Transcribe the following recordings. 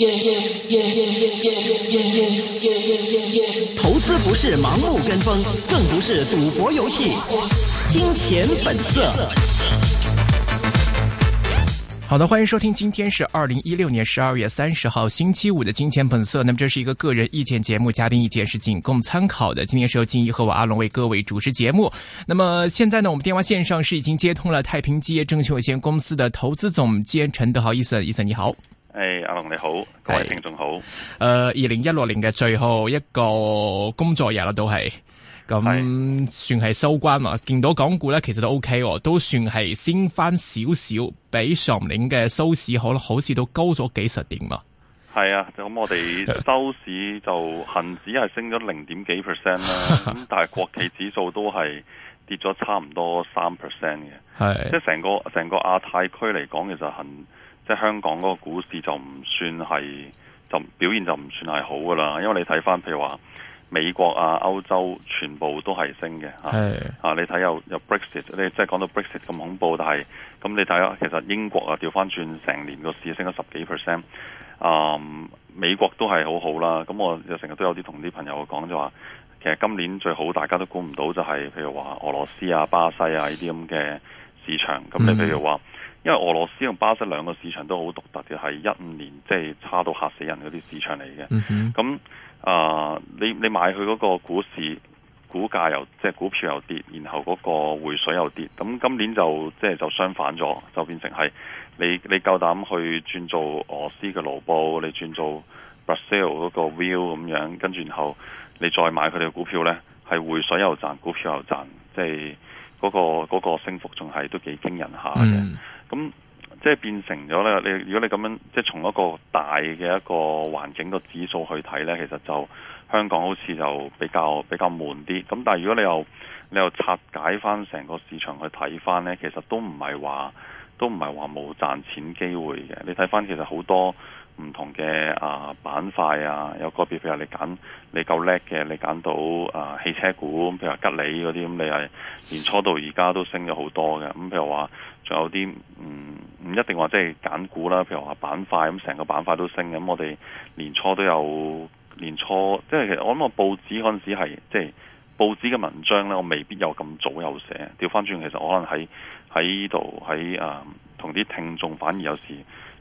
Yeah, yeah, yeah, yeah, yeah, yeah, yeah, yeah, 投資不是盲目跟風，更不是賭博遊戲。金錢本色。好的，歡迎收聽，今天是二零一六年十二月三十號星期五的《金錢本色》。那麼這是一個個人意見節目，嘉賓意見是僅供參考的。今天是由金一和我阿龍為各位主持節目。那麼現在呢，我們電話線上是已經接通了太平基業證券有限公司的投資總監陳德豪，Ethan，Ethan 你好 h-。formally Fahrenheitéransalegt Lakelock 係、hey, 阿龍你好，各位聽眾好。誒，二零一六年嘅最後一個工作日啦，都係咁算係收關嘛。見到港股咧，其實都 O、OK、K，都算係升翻少少，比上年嘅收市好啦，好似都高咗幾十點嘛。係啊，咁我哋收市就恒指係升咗零點幾 percent 啦，咁 但係國企指數都係跌咗差唔多三 percent 嘅。係，即係成個成個亞太區嚟講其實就恒。即係香港嗰個股市就唔算係就表現就唔算係好噶啦，因為你睇翻譬如話美國啊、歐洲全部都係升嘅吓，啊你睇有，有 Brexit，你即係講到 Brexit 咁恐怖，但係咁你睇下，其實英國啊掉翻轉成年個市升咗十幾 percent，啊、嗯、美國都係好好啦。咁我有成日都有啲同啲朋友講就話，其實今年最好大家都估唔到就係譬如話俄羅斯啊、巴西啊呢啲咁嘅市場。咁、嗯、你譬如話。因為俄羅斯同巴西兩個市場都好獨特嘅，係一五年即係、就是、差到吓死人嗰啲市場嚟嘅。咁、嗯、啊、呃，你你買佢嗰個股市股價又即係股票又跌，然後嗰個匯水又跌。咁今年就即係、就是、就相反咗，就變成係你你夠膽去轉做俄羅斯嘅盧布，你轉做 Brazil 嗰個 view 咁樣，跟住然後你再買佢哋嘅股票呢，係匯水又賺，股票又賺，即係。嗰、嗰個嗰、嗰個、升幅仲係都幾驚人下嘅，咁、嗯、即係變成咗咧。你如果你咁樣，即係從一個大嘅一個環境個指數去睇咧，其實就香港好似就比較比較悶啲。咁但係如果你又你又拆解翻成個市場去睇翻咧，其實都唔係話都唔係話冇賺錢機會嘅。你睇翻其實好多。唔同嘅啊板塊啊，有個別譬如你揀你夠叻嘅，你揀到啊汽車股，譬如吉利嗰啲咁，你係年初到而家都升咗好多嘅。咁譬如話，仲有啲唔唔一定話即係揀股啦，譬如話板塊咁，成個板塊都升。咁我哋年初都有年初，即係其實我諗個報紙嗰陣時係即係報紙嘅文章咧，我未必有咁早有寫。調翻轉其實我可能喺喺呢度喺啊同啲聽眾反而有時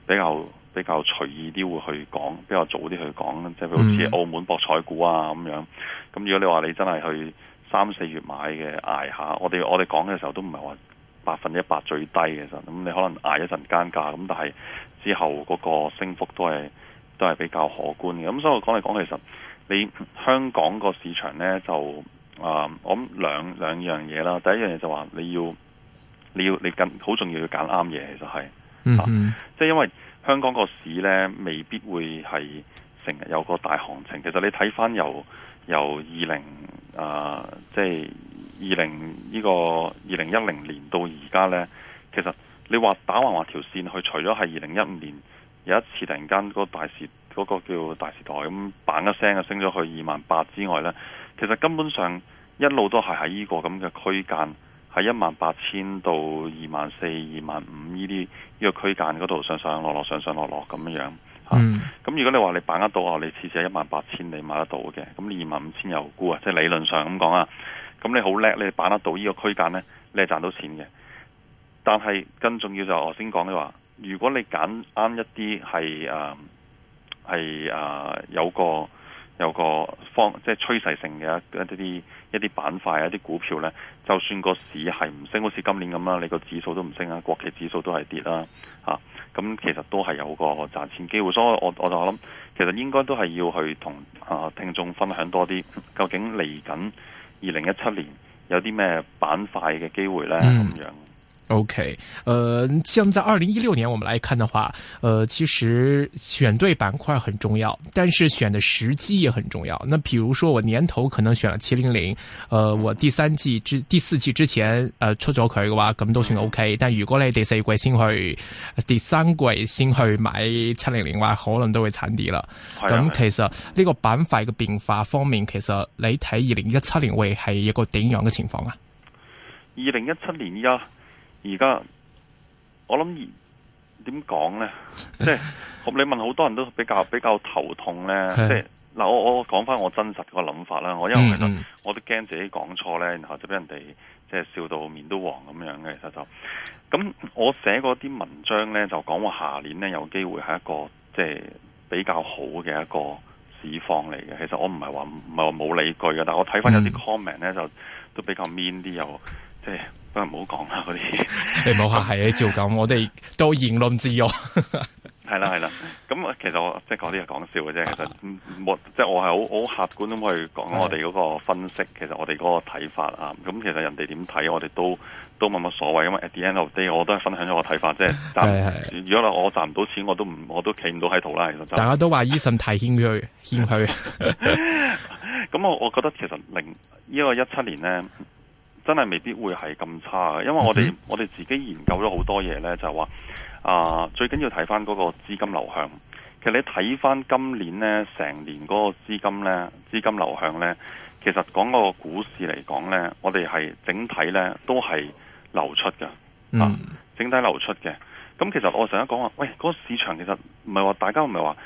比較，比較隨意啲會去講，比較早啲去講，即係好似澳門博彩股啊咁樣。咁如果你話你真係去三四月買嘅，捱下我哋我哋講嘅時候都唔係話百分之一百最低嘅，實咁你可能捱一陣間價，咁但係之後嗰個升幅都係都係比較可觀嘅。咁所以我講嚟講，其實你香港個市場呢，就啊、呃，我諗兩兩樣嘢啦。第一樣嘢就話你要你要，你，要你更好重要，要揀啱嘢，其實係啊，嗯、即係因為。香港個市呢，未必會係成日有個大行情。其實你睇翻由由二零啊，即係二零呢個二零一零年到而家呢，其實你話打橫畫條線去除，除咗係二零一五年有一次突然間嗰個大時嗰、嗰個叫大時代咁嘭一聲啊，升咗去二萬八之外呢，其實根本上一路都係喺呢個咁嘅區間。喺一萬八千到二萬四、二萬五呢啲呢個區間嗰度上上落落、上上落落咁樣樣咁、mm. 啊、如果你話你把握到啊，你次次係一萬八千你買得到嘅，咁二萬五千又沽啊，即係理論上咁講啊。咁你好叻，你把握到呢個區間呢，你係賺到錢嘅。但係更重要就係我先講你話，如果你揀啱一啲係誒係有個。有個方即係趨勢性嘅一一啲一啲板塊一啲股票呢，就算個市係唔升，好似今年咁啦，你個指數都唔升啊，國企指數都係跌啦，嚇、啊，咁其實都係有個賺錢機會，所以我我就諗其實應該都係要去同啊聽眾分享多啲，究竟嚟緊二零一七年有啲咩板塊嘅機會呢？咁、嗯、樣。O、okay, K，呃像在二零一六年，我們來看的話，呃其實選對板塊很重要，但是選的時機也很重要。那比如說我年頭可能選了七零零，呃我第三季之第四季之前，呃出咗佢嘅話，咁都算 O K。但如果你第四季先去，第三季先去買七零零嘅話，可能都會慘啲啦。咁、哎嗯嗯、其實呢個板塊嘅變化方面，其實你睇二零一七年會係一個點樣嘅情況啊？二零一七年啊。而家我諗點講呢？ 即係你問好多人都比較比較頭痛呢。 即係嗱，我我講翻我真實個諗法啦。我因為其實我都驚自己講錯呢，然後就俾人哋即係笑到面都黃咁樣嘅。其實就咁，我寫嗰啲文章呢，就講話下年呢有機會係一個即係、就是、比較好嘅一個市況嚟嘅。其實我唔係話唔係話冇理據嘅，但係我睇翻有啲 comment 呢、嗯，就都比較 mean 啲又。有誒、哎，都係唔好講啦嗰啲， 你唔好客氣，你照咁，我哋都言論自由。係啦係啦，咁其實我即係講啲嘢，講笑嘅啫、啊。其實即係我係好好客觀咁去講我哋嗰個分析。其實我哋嗰個睇法啊，咁其實人哋點睇，我哋都都冇乜所謂。因為 at the end of the day，我都係分享咗個睇法，即係賺。如果我賺唔到錢，我都唔我都企唔到喺度啦。其實、就是、大家都話 Ethan 太謙虛，謙 虛欠虛。咁 我 我覺得其實零呢個一七年咧。真係未必會係咁差嘅，因為我哋我哋自己研究咗好多嘢呢，就話、是、啊，最緊要睇翻嗰個資金流向。其實你睇翻今年呢，成年嗰個資金呢，資金流向呢，其實講個股市嚟講呢，我哋係整體呢都係流出嘅，啊，整體流出嘅。咁、啊、其實我成日講話，喂，嗰、嗰個市場其實唔係話大家唔係話。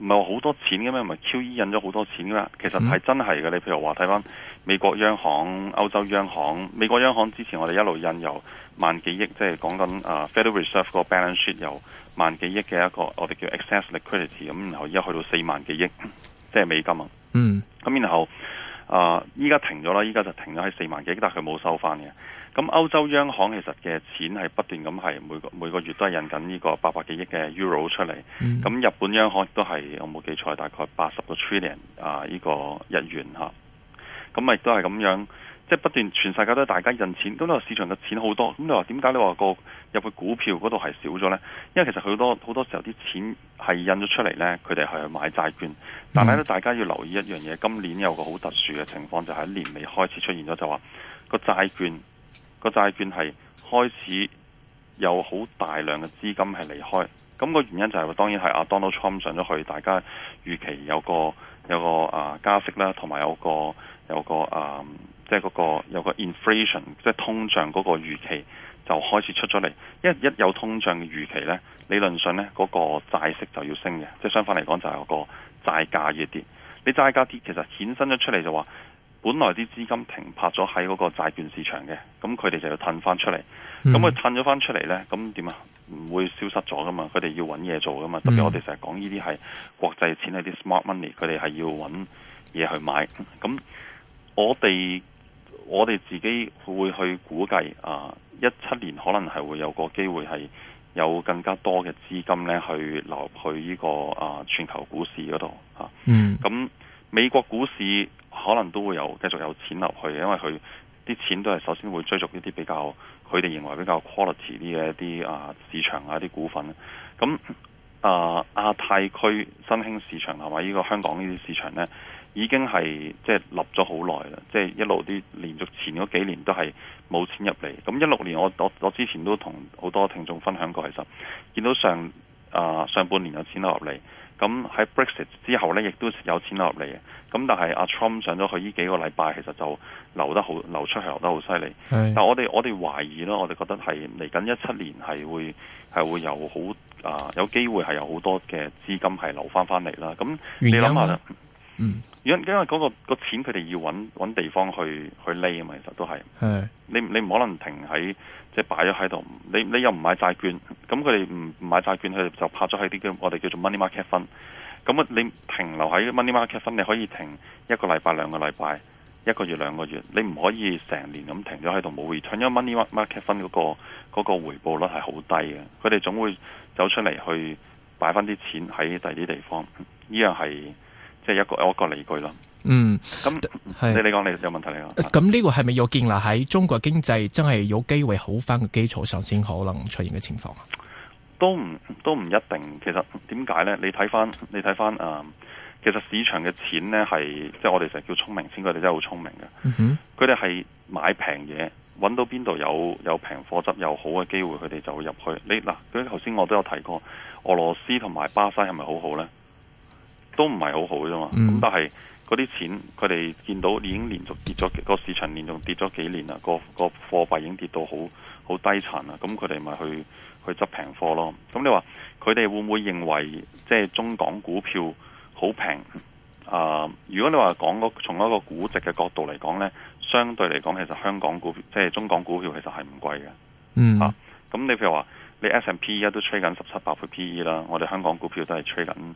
唔係好多錢嘅咩？唔係 QE 印咗好多錢噶。其實係真係嘅。你譬如話睇翻美國央行、歐洲央行、美國央行之前，我哋一路印由萬幾億，即係講緊啊 Federal Reserve 個 balance sheet 由萬幾億嘅一個我哋叫 excess liquidity，咁然後依家去到四萬幾億，即係美金啊。嗯。咁然後啊，依、呃、家停咗啦，依家就停咗喺四萬幾億，但係佢冇收翻嘅。咁歐洲央行其實嘅錢係不斷咁係每個每個月都係印緊呢個八百幾億嘅 euro 出嚟。咁、嗯、日本央行都係我冇記錯，大概八十個 trillion 啊呢、呢個日元吓咁亦都係咁樣，即、就、係、是、不斷全世界都大家印錢，咁呢個市場嘅錢好多。咁你話點解你話、那個入去股票嗰度係少咗呢？因為其實好多好多時候啲錢係印咗出嚟呢，佢哋去買債券。但係咧，大家要留意一樣嘢，今年有個好特殊嘅情況，就係、是、年尾開始出現咗，就話、是、個債券。那個債券係開始有好大量嘅資金係離開，咁個原因就係當然係阿 Donald Trump 上咗去，大家預期有個有個啊加息啦，同埋有，有個有個啊即係嗰個有個 inflation，即係通脹嗰個預期就開始出咗嚟。因為一有通脹嘅預期呢，理論上呢，嗰個債息就要升嘅，即係相反嚟講就係有個債價要跌。你債價跌其實衍生咗出嚟就話，本來啲資金停泊咗喺嗰個債券市場嘅，咁佢哋就要褪翻出嚟。咁佢褪咗翻出嚟呢？咁點啊？唔會消失咗噶嘛？佢哋要揾嘢做噶嘛？特別我哋成日講呢啲係國際錢係啲 smart money，佢哋係要揾嘢去買。咁我哋我哋自己會去估計啊，一七年可能係會有個機會係有更加多嘅資金呢去流去呢個啊全球股市嗰度嚇。啊嗯、咁美國股市。可能都會有繼續有錢入去，因為佢啲錢都係首先會追逐一啲比較佢哋認為比較 quality 啲嘅一啲啊市場，啊一啲股份。咁啊亞太區新興市場係咪？呢個香港呢啲市場呢，已經係即係立咗好耐啦，即係、就是、一路啲連續前嗰幾年都係冇錢入嚟。咁一六年我我我之前都同好多聽眾分享過其實，見到上啊上半年有錢流入嚟。咁喺 Brexit 之後咧，亦都有錢落嚟嘅。咁但係阿 Trump 上咗去呢幾個禮拜，其實就流得好流出係，流得好犀利。但我哋我哋懷疑啦，我哋覺得係嚟緊一七年係會係會有好啊、呃、有機會係有好多嘅資金係流翻翻嚟啦。咁，你諗下啦。嗯，因因為嗰個個錢佢哋要揾揾地方去去匿啊嘛，其實都係係你你唔可能停喺，即係擺咗喺度，你你又唔買債券，咁佢哋唔唔買債券，佢哋就拍咗喺啲叫我哋叫做 money market fund。咁啊，你停留喺 money market fund，你可以停一個禮拜、兩個禮拜、一個月、兩個月，你唔可以成年咁停咗喺度冇回轉，因為 money market fund 嗰個嗰個回報率係好低嘅，佢哋總會走出嚟去擺翻啲錢喺第二啲地方，呢樣係。係一,一個理據一個嗯，咁係你講你有問題嚟噶。咁、嗯、呢個係咪又建立喺中國經濟真係有機會好翻嘅基礎上，先可能出現嘅情況啊？都唔都唔一定。其實點解咧？你睇翻你睇翻啊，其實市場嘅錢咧係即係我哋成日叫聰明錢，佢哋真係好聰明嘅。嗯哼，佢哋係買平嘢，搵到邊度有有平貨質又好嘅機會，佢哋就會入去。你嗱，佢頭先我都有提過，俄羅斯同埋巴西係咪好好咧？都唔係好好啫嘛，咁但係嗰啲錢，佢哋見到已經連續跌咗，個市場連續跌咗幾年啦，個個貨幣已經跌到好好低層啦，咁佢哋咪去去執平貨咯。咁你話佢哋會唔會認為即係中港股票好平啊？如果你話講嗰從一個估值嘅角度嚟講呢，相對嚟講其實香港股票，即係中港股票其實係唔貴嘅。嗯，嚇、啊、咁你譬如話你 S&P 一都 trading 十七八倍 P E 啦，我哋香港股票都係 trading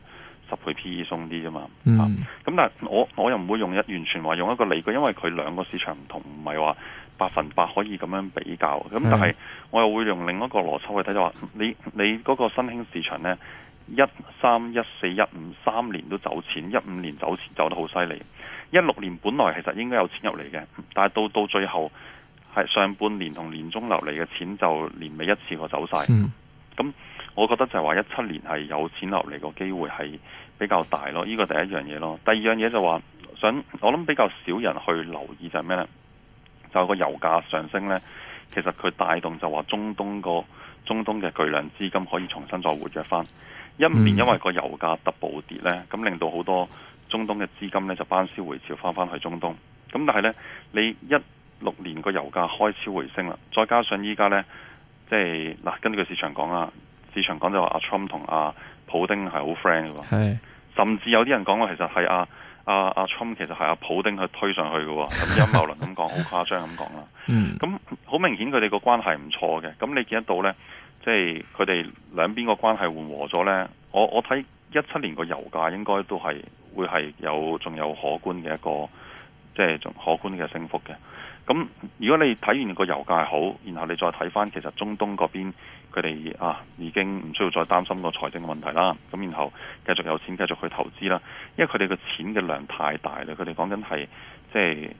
十倍 P/E 鬆啲啫嘛，咁但係我我又唔會用一完全話用一個理據，因為佢兩個市場唔同，唔係話百分百可以咁樣比較。咁但係我又會用另一個邏輯去睇就話，你你嗰個新興市場呢，一三一四一五三年都走錢，一五年走錢走得好犀利，一六年本來其實應該有錢入嚟嘅，但係到到最後係上半年同年中流嚟嘅錢就年尾一次過走晒。咁、嗯。我覺得就係話一七年係有錢落嚟個機會係比較大咯，呢個第一樣嘢咯。第二樣嘢就話想我諗比較少人去留意就係咩呢？就個油價上升呢，其實佢帶動就話中東個中東嘅巨量資金可以重新再活躍翻。一五年因為個油價 double 跌呢，咁令到好多中東嘅資金呢就班師回朝翻返去中東。咁但係呢，你一六年個油價開始回升啦，再加上依家呢，即係嗱，根據市場講啊。市場講就話阿 Trump 同阿普丁係好 friend 嘅喎，甚至有啲人講過其實係阿阿阿 Trump 其實係阿、啊、普丁去推上去嘅，咁陰謀論咁講，好誇張咁講啦。咁、嗯、好明顯佢哋個關係唔錯嘅，咁你見得到咧，即係佢哋兩邊個關係緩和咗咧。我我睇一七年個油價應該都係會係有仲有可觀嘅一個，即係仲可觀嘅升幅嘅。咁如果你睇完個油價好，然後你再睇翻其實中東嗰邊佢哋啊已經唔需要再擔心個財政問題啦。咁然後繼續有錢繼續去投資啦。因為佢哋嘅錢嘅量太大啦，佢哋講緊係即係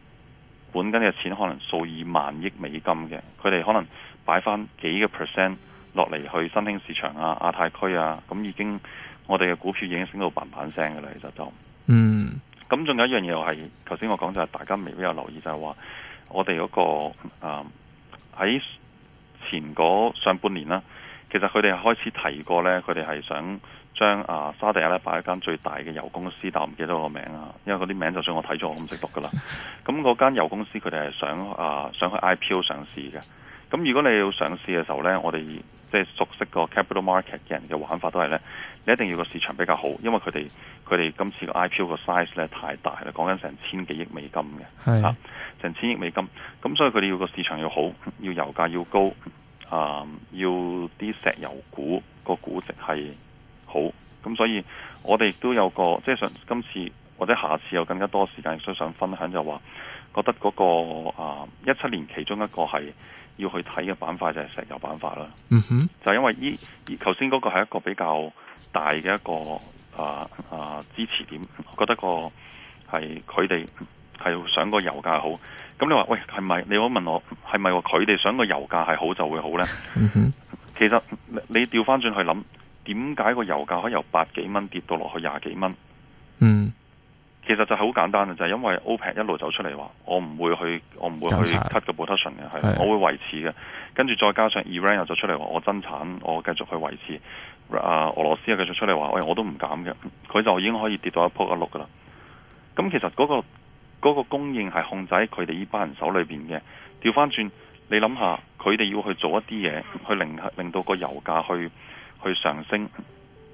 本緊嘅錢可能數以萬億美金嘅。佢哋可能擺翻幾個 percent 落嚟去新興市場啊、亞太區啊，咁已經我哋嘅股票已經升到嘭嘭聲嘅啦。其實就嗯，咁仲有一樣嘢我係頭先我講就係大家未必有留意就係話。我哋嗰、那個啊喺、嗯、前嗰上半年啦，其實佢哋開始提過呢，佢哋係想將啊沙地亞呢擺一間最大嘅油公司，但唔記得個名啊，因為嗰啲名就算我睇咗，我唔識讀噶啦。咁嗰間油公司佢哋係想啊想去 IPO 上市嘅。咁如果你要上市嘅時候呢，我哋即係熟悉個 capital market 嘅人嘅玩法都係呢。你一定要個市場比較好，因為佢哋佢哋今次個 IPO 個 size 咧太大啦，講緊成千幾億美金嘅、係，啊，成千億美金。咁所以佢哋要個市場要好，要油價要高，啊，要啲石油股個估值係好。咁所以我哋都有個即係想今次或者下次有更加多時間，想分享就話。覺得嗰、那個啊一七年其中一個係要去睇嘅板塊就係石油板塊啦。嗯哼，就係因為依頭先嗰個係一個比較大嘅一個啊啊、呃呃、支持點。覺得、那個係佢哋係想個油價好。咁你話喂係咪？你可以問我係咪佢哋想個油價係好就會好呢？哼，其實你調翻轉去諗，點解個油價可以由百幾蚊跌到落去廿幾蚊？其實就係好簡單嘅，就係、是、因為 OPEC 一路走出嚟話，我唔會去，我唔會去 cut 個 production 嘅，我會維持嘅。跟住再加上 Iran 又走出嚟話，我增產，我繼續去維持。啊，俄羅斯又繼續出嚟話，喂、哎，我都唔減嘅。佢就已經可以跌到一破一碌噶啦。咁其實嗰、那個那個供應係控制喺佢哋依班人手裏面嘅。調翻轉，你諗下，佢哋要去做一啲嘢去令令到個油價去去上升，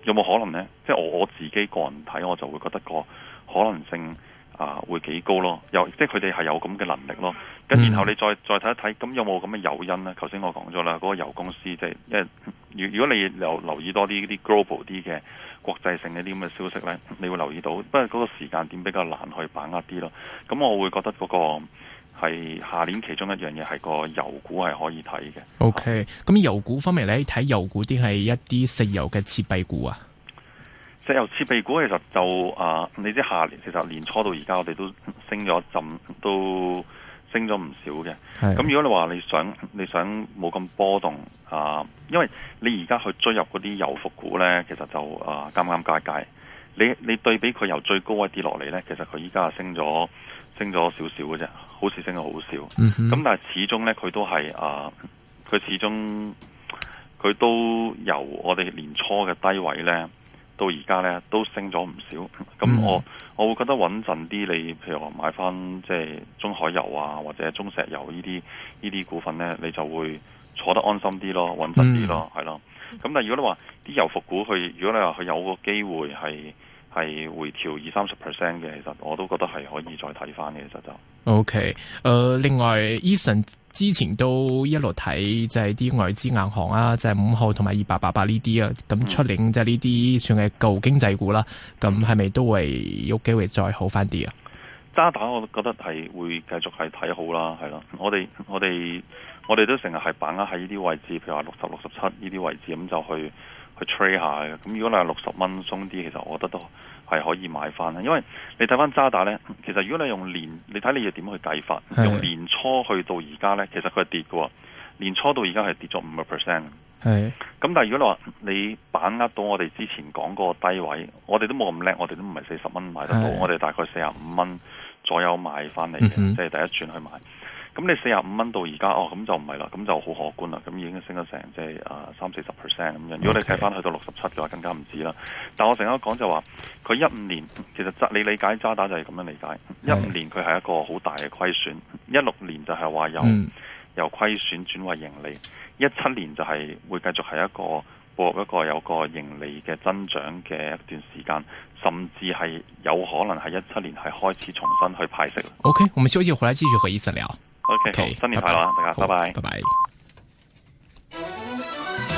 有冇可能呢？即係我我自己個人睇，我就會覺得個。可能性啊、呃，會幾高咯？即係佢哋係有咁嘅能力咯。咁然後你再再睇一睇，咁有冇咁嘅誘因咧？頭先我講咗啦，嗰、嗰個油公司即係，因為如如果你留留意多啲啲 global 啲嘅國際性一啲咁嘅消息咧，你會留意到，不過嗰個時間點比較難去把握啲咯。咁我會覺得嗰、嗰個係下年其中一樣嘢係個油股係可以睇嘅。OK，咁、嗯、油股方面呢，你睇油股啲係一啲石油嘅設備股啊。由油設備股其實就啊，你知下年其實年初到而家我哋都升咗一浸，都升咗唔少嘅。咁如果你話你想你想冇咁波動啊，因為你而家去追入嗰啲油服股呢，其實就啊，啱啱界界，你你對比佢由最高一跌落嚟呢，其實佢依家升咗升咗少少嘅啫，好似升咗好少。咁、嗯、但係始終呢，佢都係啊，佢始終佢都由我哋年初嘅低位呢。到而家咧都升咗唔少，咁我我會覺得穩陣啲。你譬如話買翻即係中海油啊，或者中石油呢啲呢啲股份咧，你就會坐得安心啲咯，穩陣啲咯，係、嗯、咯。咁但係如果你話啲油服股佢，如果你話佢有個機會係。係回調二三十 percent 嘅，其實我都覺得係可以再睇翻嘅，其實就。OK，誒，另外，Eason 之前都一路睇，就係啲外資銀行啊，就係、是、五號同埋二八八八呢啲啊，咁出年即係呢啲算係舊經濟股啦。咁係咪都會有機會再好翻啲啊？渣打，我覺得係會繼續係睇好啦，係咯。我哋我哋我哋都成日係把握喺呢啲位置，譬如話六十六十七呢啲位置，咁就去。去 trade 下嘅，咁如果你係六十蚊鬆啲，其實我覺得都係可以買翻啦。因為你睇翻渣打呢，其實如果你用年，你睇你要點去計法？用年初去到而家呢，其實佢係跌㗎。年初到而家係跌咗五個 percent。係。咁但係如果你話你把握到我哋之前講嗰個低位，我哋都冇咁叻，我哋都唔係四十蚊買得到，我哋大概四十五蚊左右買翻嚟嘅，嗯、即係第一轉去買。咁你四十五蚊到而家哦，咁就唔係啦，咁就好可觀啦。咁已經升咗成即係誒三四十 percent 咁樣，如果你睇翻去到六十七嘅話，更加唔止啦。但我成日講就話佢一五年其實你理解渣打就係咁樣理解一五年佢係一個好大嘅虧損，一六年就係話、嗯、由由虧損轉為盈利，一七年就係會繼續係一個過一個有一個盈利嘅增長嘅一段時間，甚至係有可能係一七年係開始重新去派息。OK，我哋休息回來繼續和醫生聊。OK，新年快樂，大家拜拜，拜拜。